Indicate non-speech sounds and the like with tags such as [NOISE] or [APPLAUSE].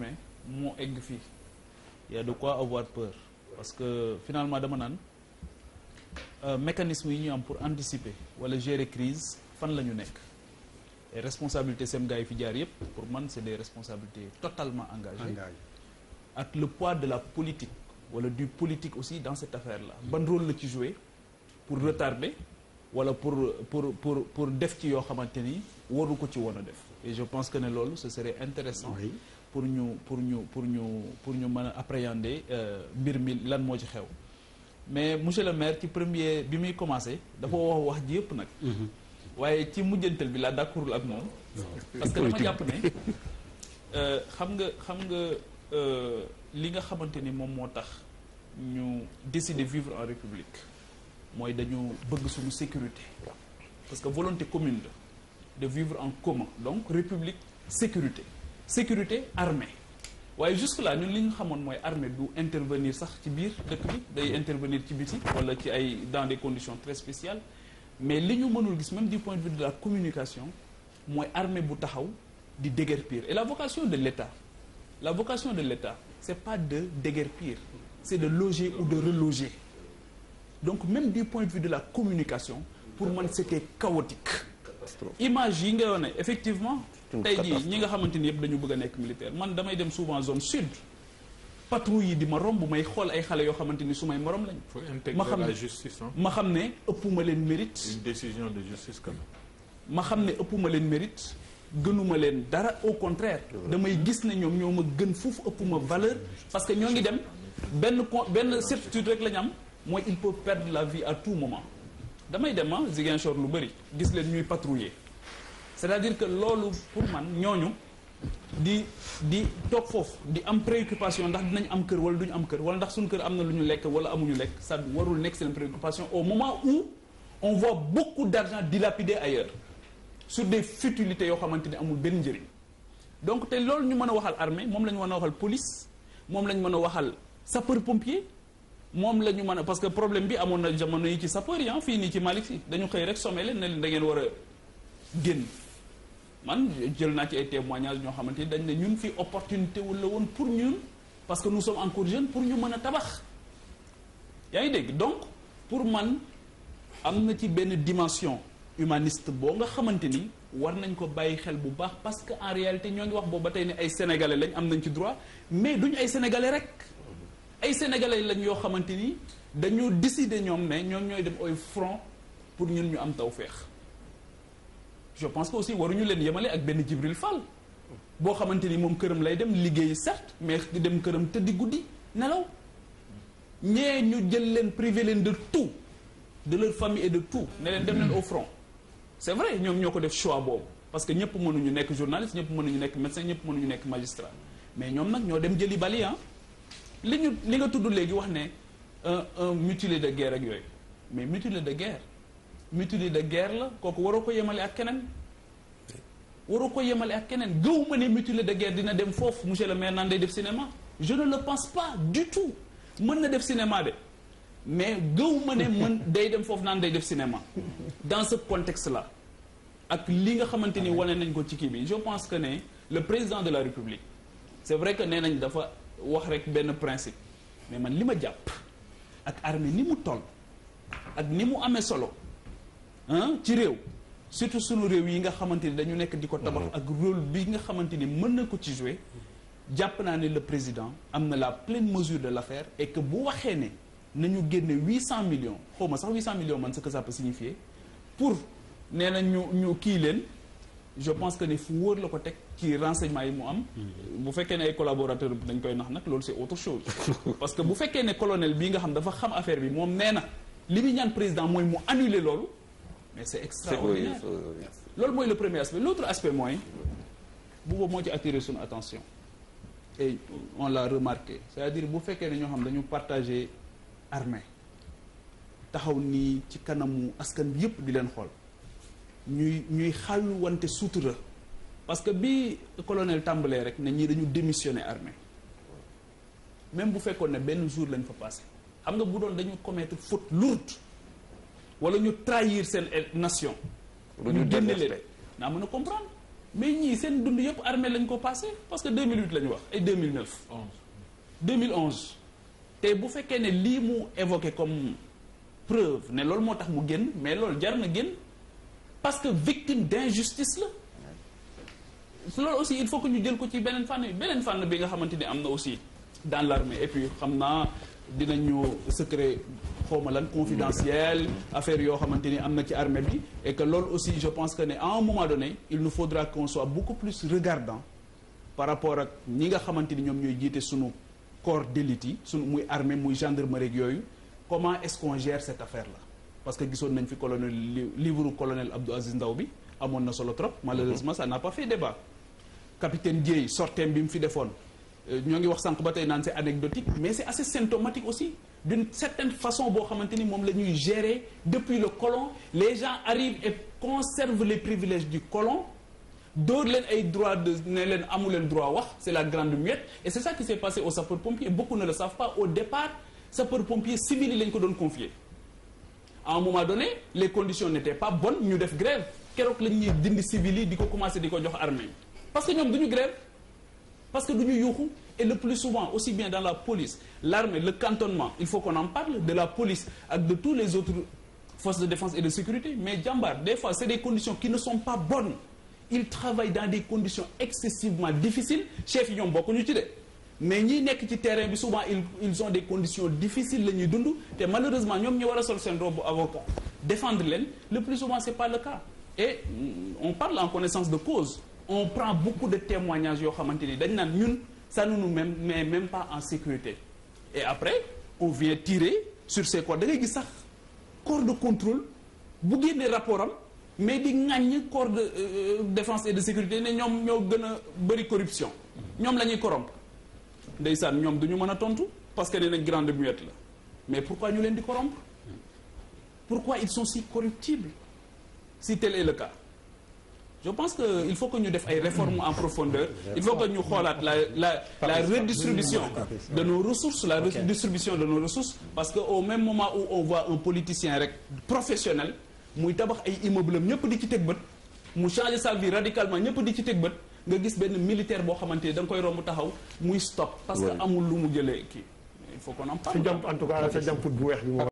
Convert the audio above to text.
mais moo egg fii y a quoi avoir peur parce que finalement dama naan euh, yi ñu am pour anticiper wala gérer fan la ñu nekk et responsabilité gars yi fi jaar yëpp pour man c'est des responsabilités totalement engagées Engagé. ak le poids de la politique wala du politique aussi dans cette affaire la ban rôle la ci jouer pour retarder wala pour pour pour pour def ci yoo xamante ni waru ko ci woon a def et je pense que ne loolu ce serait intéressant pour ñu pour ñu pour ñu pour ñu mën a appréhender euh, mbir mi lan moo ci xew mais monsieur le maire ci premier bi muy commencé dafa wax wax ji yëpp nag mhm. waaye ci mujjantal bi laa d'accordul ak moom parce que dama jàpp ne euh, xam nga xam nga euh, li nga xamante ni moom moo tax ñu décider vivre en république mooy dañu bëgg suñu sécurité parce que volonté commune la de vivre en commun donc république sécurité sécurité armée waaye jusque là ñun li ñu xamoon mooy armée du intervenir sax ci biir dëkk bi day intervenir ci biti wala ci ay dans des conditions très spéciales mais li ñu mënul gis même du point de vue de la communication mooy armée bu taxaw di déguerpir et la vocation de l'État la vocation de l'État c'est pas de déguerpir c'est de loger ou de reloger donc même du point de vue de la communication pour man c'était chaotique image yi ngay wane effectivement tey jii ñi nga xamante ni yëpp dañu bëgg a nekk militaire man damay dem souvent zone sud patrouille yi di ma romb may xool ay xale yoo xamante ni su may morom lañ ma xam ne ma xam ne ëpp ma leen mérite une décision de justice ma xam ne ëpp ma leen mérite gënuma leen dara au contraire damay gis ne ñoom ñoo ma gën foofu ëppuma valeur parce que ñoo ngi dem benn benn certitude rek la ñu am mooy il peut perdre la vie à tout moment damay dem ah Ziguinchor lu bëri gis leen ñuy patrouiller c'est-à-dire que loolu pour man ñooñu di di toog foofu di am préoccupation ndax dinañ am kër wala duñu am kër wala ndax suñu kër am na lu ñu lekk wala amuñu lekk sa warul nekk seen préoccupation au moment où on voit beaucoup d'argent dilapidé ailleurs sur des futilités yoo xamante ni amul benn njëriñ donc te loolu ñu mën a waxal armée moom la ñu mën a waxal police moom la ñu mën a waxal sapeur pompier moom la ñu mën a parce que problème bi amoon na jamono yi ci sapeur yi ah, fii nii ci Malick si dañu xëy rek somme leen ne leen da ngeen war man jël naa ci ay ñoo xamante ni dañ ne ñun fii opportunité wul la woon pour ñun parce que nous sommes encore jeunes pour ñu mën a tabax yaa ngi dégg donc pour man am na ci benn dimension humaniste boo nga xamante ni war nañ ko bàyyi xel bu baax parce que en réalité ñoo ngi wax boobu ba tey ne ay sénégalais lañ am nañ ci droit mais duñ ay sénégalais rek. ay sénégalais lañ yoo xamante ni dañoo décider ñoom ne ñoom ñooy dem au front pour ñun ñu am tawféex je pense que aussi waruñu leen yemale ak benn Jibril Fall boo xamante ni moom këram lay dem liggéey certes mais di dem këram tëddi guddi nelaw ñee ñu jël leen privé leen de tout de leur famille et de tout ne leen dem leen au front c'est vrai ñoom ñoo ko def choix boobu parce que ñëpp mënuñu nekk journaliste ñëpp mënuñu nekk médecin ñëpp mënuñu nekk magistrat mais ñoom nag ñoo dem jëli bali li ñu li nga tudd léegi wax ne un un mutilé de guerre ak yooyu mais mutilé de guerre mutilé de guerre la kooku waroo ko yemale ak keneen waroo ko yemale ak keneen gëw ma ne mutilé de guerre dina dem foofu monsieur le maire naan day def cinéma je ne le pense pas du tout mën na def cinéma de mais gëw ma ne mën [LAUGHS] day dem foofu naan day def cinéma dans ce contexte la ak li nga xamante ni ah wane nañ ko ci kii bi je pense que ne le président de la république c'est vrai que nee nañ dafa wax rek benn principe mais man li ma jàpp ak armée ni mu toll ak ni mu amee solo ci réew surtout sunu réew yi nga xamante ni dañu nekk di ko tabax ak rôle bi nga xamante ni mën na ko ci jouer jàpp naa ne le président am na la pleine mesure de l'affaire et que bu waxee ne na nañu génne huit cent million xaw ma sax huit cent millions man sa que ça peut signifier pour nee na ñu ñu kii leen je pense que ne fu wóor la ko teg ci renseignement yi mu am. bu fekkee ne ay collaborateur dañ koy nax nag loolu c'est autre chose. [LAUGHS] parce que bu fekkee ne colonel bii nga xam dafa xam affaire bi moom nee na li muy ñaan président mooy mu annuler loolu mais c'est extraordinaire. loolu mooy le premier aspect l'autre aspect mooy bu boobu moo ci attirer suñu attention et on l'a remarqué c'est-à-dire bu fekkee ne ñoo xam dañu partager armée taxaw nii ci kanamu askan bi yëpp di leen xool. ñuy ñuy xàllu wante sutura parce que bi colonel tàmbalee rek ne ñii dañu démissionné armée même bu fekkoon ne benn jour lañ fa passé xam nga bu doon dañu commettre faute lourde wala ñu trahir seen nation ñu génne leen naa mën a comprendre mais ñii seen dund yëpp armée lañ ko passé parce que 2008 la ñu wax ay 2009 2011 te bu fekkee ne lii mu évoqué comme preuve ne loolu moo tax mu génn mais loolu jar na génn parce que victime d'injustice la loolu aussi il faut que ñu jël ko ci beneen fànn beneen fànn bi nga xamante ni am na aussi dans l'armée et puis xam naa dina dinañu secret xawma lan confidentiel affaire yoo xamante ni am na ci armée bi et que loolu aussi je pense que ne à un moment donné il nous faudra qu'on soit beaucoup plus regardant par rapport ak ñi nga xamante ni ñoom ñooy jiite suñu corps d'élite yi sunu muy armée muy gendarmerie yooyu comment est-ce qu'on gère cette affaire là parce que gisoon nañ fi colonel livre colonel Abdou Aziz Ndaw bi amoon na solo trop malheureusement mhm. ça n'a pas fait débat capitaine Dièye sorteem bi mu fi defoon euh, ñoo ngi wax sànq ba tey naan c'est anecdotique mais c'est assez symptomatique aussi d'une certaine façon boo xamante ni moom la ñuy gérer depuis le colon les gens arrivent et conservent les privilèges du colon dóor leen ay droit de ne leen amu leen droit wax c'est la grande muette et c'est ça qui ko doon confier à un moment donné les conditions n'étaient pas bonnes ñu def grève keroog lañ ñuy dindi civil yi di ko commencé di ko jox armée parce que ñoom du ñu grève parce que du ñu yuuxu et le plus souvent aussi bien dans la police l'armée le cantonnement il faut qu'on en parle de la police ak de tous les autres forces de défense et de sécurité mais jàmbaar des fois c'est des conditions qui ne sont pas bonnes ils travaillent dans des conditions excessivement mais ñiy nekk ci terrain bi souvent ils ils ont des conditions difficiles la ñuy dund te malheureusement ñoom ñu war a sol seen robe avocat défendre leen le plus souvent c'est pas le cas et on parle en connaissance de cause on prend beaucoup de témoignages yoo xamante ni dañ naan ñun sànnu nu même mais mais pas en sécurité et après on vient tirer sur ces corps da ngay gis sax corps de contrôle bu génnee rapport am mais di ŋàññ corps de euh, défense et de sécurité ne ñoom ñoo gën a bëri corruption ñoom la ñuy corrompre ndeysaan ñoom du ñu mën a tontu parce que nee nañ grande muette la mais pourquoi ñu leen di corrompre pourquoi ils sont si corruptibles si tel est le cas je pense que il faut que ñu def ay réformes en profondeur il faut que ñu xoolaat la la la redistribution de nos ressources la redistribution de nos ressources parce que au même moment où on voit un politicien rek professionnel muy tabax ay immeuble am ñëpp di ci teg bët mu changer sa radicalement ñëpp di ci teg bët nga gis benn militaire boo xamante ni da koy romb taxaw muy stop. parce que amul lu mu jële kii il faut qu'on en parle. sa jàmp en sa jàmput bu weex bi moom.